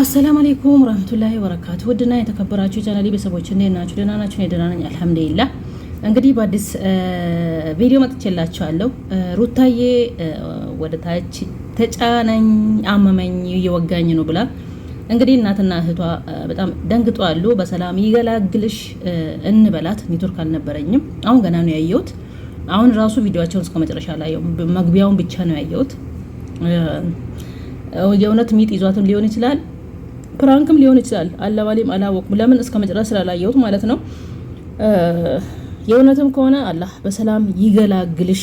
አሰላሙ አሌይኩም ረህመቱላሂ ወበረካቱ። ውድና የተከበራችሁ የቻናሌ ቤተሰቦች እንዴት ናችሁ? ደህና ናችሁ? ደህና ነኝ አልሐምዱሊላህ። እንግዲህ በአዲስ ቪዲዮ መጥቼላችኋለሁ። ሩታዬ ወደ ታች ተጫነኝ፣ አመመኝ፣ እየወጋኝ ነው ብላ እንግዲህ እናትና እህቷ በጣም ደንግጦ አሉ። በሰላም ይገላግልሽ እንበላት። ኔትወርክ አልነበረኝም። አሁን ገና ነው ያየሁት። አሁን ራሱ ቪዲዮቸውን እስከ መጨረሻ ላይ መግቢያውን ብቻ ነው ያየሁት። የእውነት ሚጥ ይዟትም ሊሆን ይችላል፣ ፕራንክም ሊሆን ይችላል። አለባሌም አላወቅም፣ ለምን እስከ መጨረስ ስላላየሁት ማለት ነው። የእውነትም ከሆነ አላህ በሰላም ይገላግልሽ፣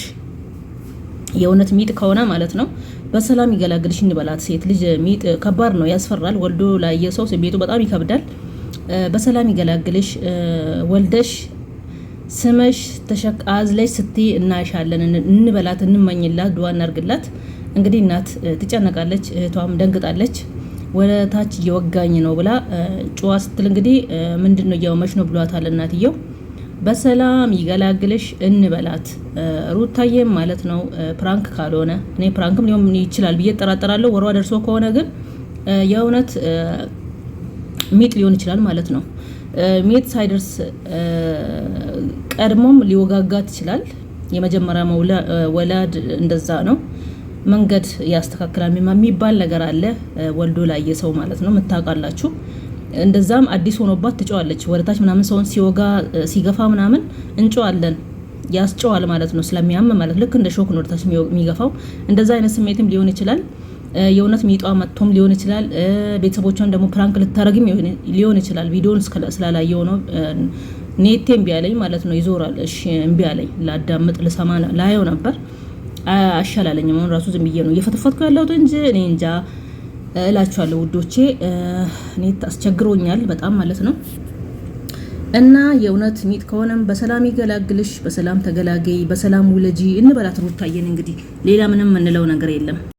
የእውነት ሚጥ ከሆነ ማለት ነው። በሰላም ይገላግልሽ እንበላት። ሴት ልጅ ሚጥ ከባድ ነው፣ ያስፈራል። ወልዶ ላየ ሰው ቤቱ በጣም ይከብዳል። በሰላም ይገላግልሽ። ወልደሽ ስመሽ ተሸክ አዝለሽ ስትይ እናሻለን፣ እንበላት፣ እንመኝላት፣ ድዋ እናርግላት። እንግዲህ እናት ትጨነቃለች፣ እህቷም ደንግጣለች። ወደ ታች እየወጋኝ ነው ብላ ጭዋ ስትል እንግዲህ ምንድን ነው እያወመች ነው ብሏታል እናትየው። በሰላም ይገላግልሽ እንበላት ሩታዬም ማለት ነው። ፕራንክ ካልሆነ እኔ ፕራንክም ሊሆን ይችላል ብዬ እጠራጠራለሁ። ወሯ ደርሶ ከሆነ ግን የእውነት ሚጥ ሊሆን ይችላል ማለት ነው። ሚጥ ሳይደርስ ቀድሞም ሊወጋጋት ይችላል። የመጀመሪያ ወላድ እንደዛ ነው። መንገድ ያስተካክላል የሚባል ነገር አለ። ወልዶ ላየ ሰው ማለት ነው የምታውቃላችሁ። እንደዛም አዲስ ሆኖባት ትጨዋለች ወደታች ምናምን ሰውን ሲወጋ ሲገፋ ምናምን እንጨዋለን ያስጨዋል ማለት ነው። ስለሚያም ማለት ልክ እንደ ሾክ ነው ወደታች የሚገፋው። እንደዛ አይነት ስሜትም ሊሆን ይችላል። የእውነት ሚጧ መጥቶም ሊሆን ይችላል። ቤተሰቦቿን ደግሞ ፕራንክ ልታረግም ሊሆን ይችላል። ቪዲዮን ስላላየው ነው ኔቴ እምቢ አለኝ ማለት ነው። ይዞራል። እሺ እምቢ አለኝ ላዳምጥ፣ ልሰማ ላየው ነበር አሻላለኝም። አሁን ራሱ ዝም ብዬ ነው እየፈተፈትኩ ያለሁት እንጂ እኔ እንጃ እላችኋለሁ ውዶቼ፣ እኔ አስቸግሮኛል በጣም ማለት ነው። እና የእውነት ሚጥ ከሆነም በሰላም ይገላግልሽ፣ በሰላም ተገላገይ፣ በሰላም ውለጂ እንበላት ሩታየን። እንግዲህ ሌላ ምንም የምንለው ነገር የለም።